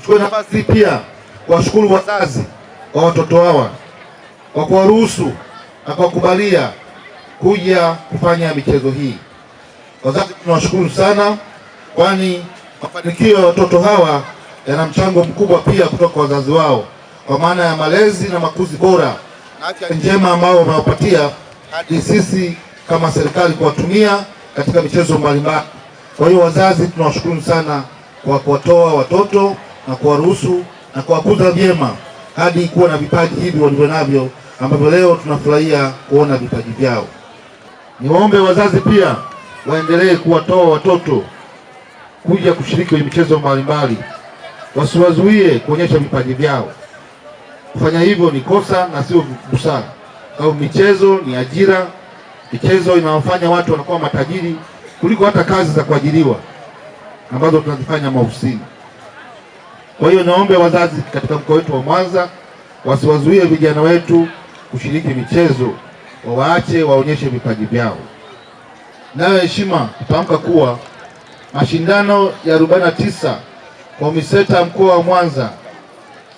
Nichukue nafasi hii pia kuwashukuru wazazi kwa watoto hawa kwa kuwaruhusu na kuwakubalia kuja kufanya michezo hii. Wazazi tunawashukuru sana, kwani mafanikio ya watoto hawa yana mchango mkubwa pia kutoka kwa wazazi wao, kwa maana ya malezi na makuzi bora na afya njema ambao wamewapatia hadi sisi kama serikali kuwatumia katika michezo mbalimbali. Kwa hiyo wazazi tunawashukuru sana kwa kuwatoa watoto na kuwaruhusu na kuwakuza vyema hadi kuwa na vipaji hivi walivyo navyo ambavyo leo tunafurahia kuona vipaji vyao. Niwaombe wazazi pia waendelee kuwatoa watoto kuja kushiriki kwenye michezo mbalimbali, wasiwazuie kuonyesha vipaji vyao. Kufanya hivyo ni kosa na sio busara, au michezo ni ajira. Michezo inawafanya watu wanakuwa matajiri kuliko hata kazi za kuajiriwa ambazo tunazifanya maofisini. Kwa hiyo naombe wazazi katika mkoa wetu wa Mwanza wasiwazuie vijana wetu kushiriki michezo, wawaache waonyeshe vipaji vyao. Nayo heshima kutamka kuwa mashindano ya tisa kwa UMISETA mkoa wa Mwanza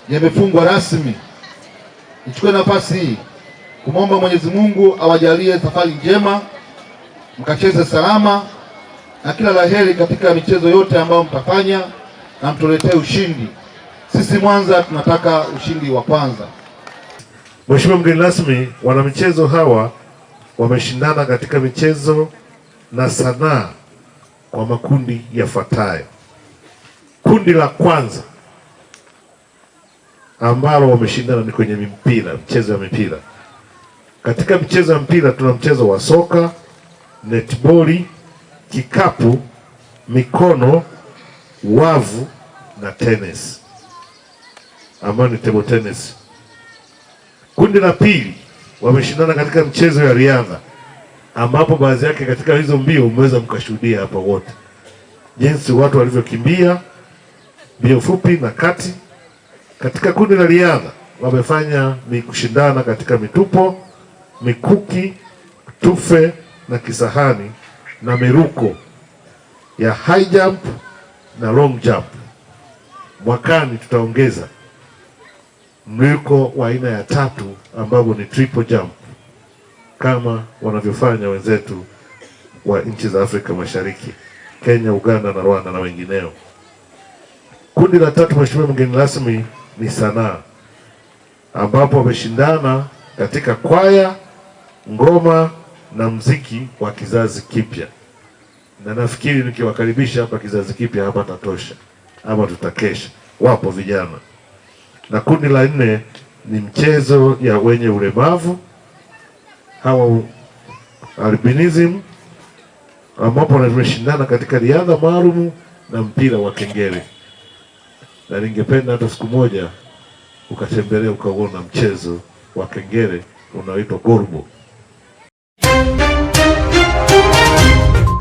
yamefungwa rasmi. Nichukue nafasi hii kumwomba Mwenyezi Mungu awajalie safari njema, mkacheze salama na kila laheri katika michezo yote ambayo mtafanya na mtuletee ushindi. Sisi Mwanza tunataka ushindi wa kwanza. Mheshimiwa mgeni rasmi, wanamichezo hawa wameshindana katika michezo na sanaa kwa makundi yafuatayo. Kundi la kwanza ambalo wameshindana ni kwenye mpira, mchezo wa mipira. Katika mchezo wa mpira tuna mchezo wa soka, netboli, kikapu, mikono, wavu na tennis ambayo ni table tennis. Kundi la pili wameshindana katika mchezo ya riadha ambapo baadhi yake katika hizo mbio umeweza mkashuhudia hapa wote jinsi watu walivyokimbia mbio fupi na kati. Katika kundi la riadha wamefanya kushindana katika mitupo, mikuki, tufe na kisahani na miruko ya high jump na long jump. Mwakani tutaongeza mwiko wa aina ya tatu ambapo ni triple jump kama wanavyofanya wenzetu wa nchi za Afrika Mashariki, Kenya, Uganda na Rwanda na wengineo. Kundi la tatu, mheshimiwa mgeni rasmi, ni sanaa ambapo wameshindana katika kwaya, ngoma na mziki wa kizazi kipya, na nafikiri nikiwakaribisha hapa kizazi kipya hapa tatosha, ama tutakesha. Wapo vijana na kundi la nne ni mchezo ya wenye ulemavu hawa albinism, ambapo wanashindana katika riadha maalum na mpira wa kengele, na ningependa hata siku moja ukatembelea ukauona mchezo wa kengele unaoitwa gorbo.